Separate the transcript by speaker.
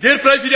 Speaker 1: Dear President,